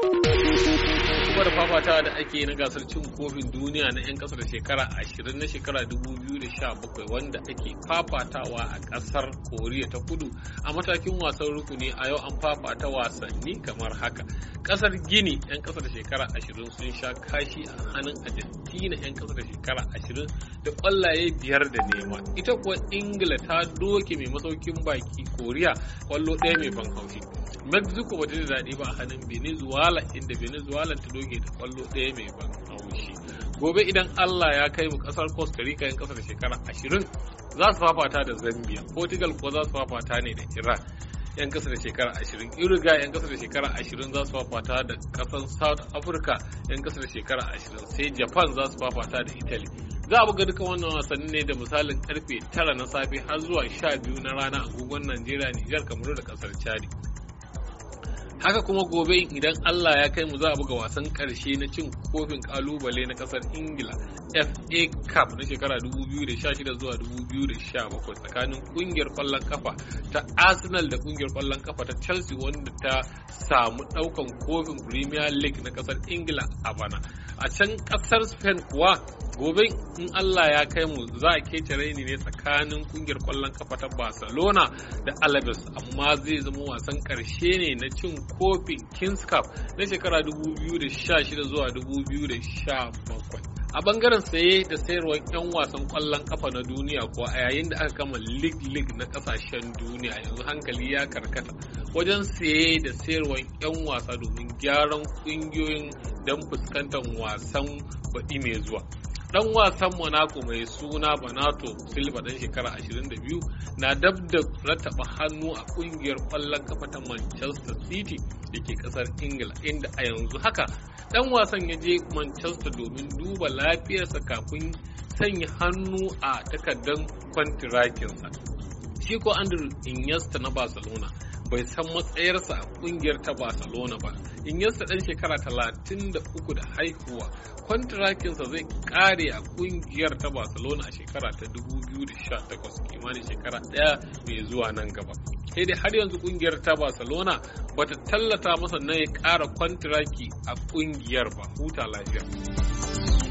kuma da fafatawa da ake na gasar cin kofin duniya na 'yan kasar shekara 20 na shekara 2017 wanda ake fafatawa a kasar koriya ta kudu a matakin wasan rukuni a yau an fafata wasanni kamar haka kasar gini 'yan kasar shekara 20 sun sha kashi a hannun argentina 'yan kasar shekara 20 da kwallaye biyar da nema ita kuwa ingila ta doke mai masaukin baki koriya kwallo ɗaya mai ban haushi mexico ba ta zaɗi ba a hannun venezuela inda venezuela ta doge da kwallo ɗaya mai ban haushi gobe idan allah ya kai mu ƙasar costa rica yan ƙasa da shekara ashirin za su fafata da zambia portugal ko za su fafata ne da iran yan kasa da shekara ashirin iruga yan kasa da shekara ashirin za su fafata da kasan south africa yan kasa da shekara ashirin sai japan za su fafata da italy za a buga duka wannan wasanni ne da misalin karfe 9 na safe har zuwa 12 na rana agogon najeriya nijar kamaru da kasar chadi haka kuma gobe idan Allah ya kai mu za a buga wasan karshe na cin kofin kalubale na kasar ingila fa cup na shekara 2016 zuwa 2017 tsakanin kungiyar kwallon kafa ta arsenal da kungiyar kwallon kafa ta chelsea wanda ta samu daukan kofin premier league na kasar ingila a bana a can kasar spain kuwa gobe in Allah ya kai mu za a kece raini ne tsakanin kungiyar kwallon kafa ta Barcelona da Alaves amma zai zama wasan karshe ne na cin kofin Kings Cup na shekara 2016 zuwa 2017 a bangaren saye da sayarwar 'yan wasan kwallon kafa na duniya ko a yayin da aka kama league league na kasashen duniya yanzu hankali ya karkata wajen saye da sayarwar 'yan wasa domin gyaran kungiyoyin don fuskantar wasan baɗi mai zuwa dan wasan Monaco mai suna Banato Silva dan shekara 22 na dab da rattaba hannu a kungiyar kwallon kafa ta Manchester City da ke kasar Ingila inda a yanzu haka dan wasan ya je Manchester domin duba lafiyarsa kafin sanya hannu a takardar kwantirakinsa. Shi ko Andrew Iniesta na Barcelona bai san matsayarsa a kungiyar ta Barcelona ba. Inyasta dan shekara talatin da uku da haihuwa kwantarakinsa zai kare a kungiyar ta Barcelona a shekara ta 2018 kimanin shekara ɗaya mai zuwa nan gaba. sai dai har yanzu kungiyar ta barcelona bata tallata masa na ya kara kwantiraki a kungiyar ba huta lafiya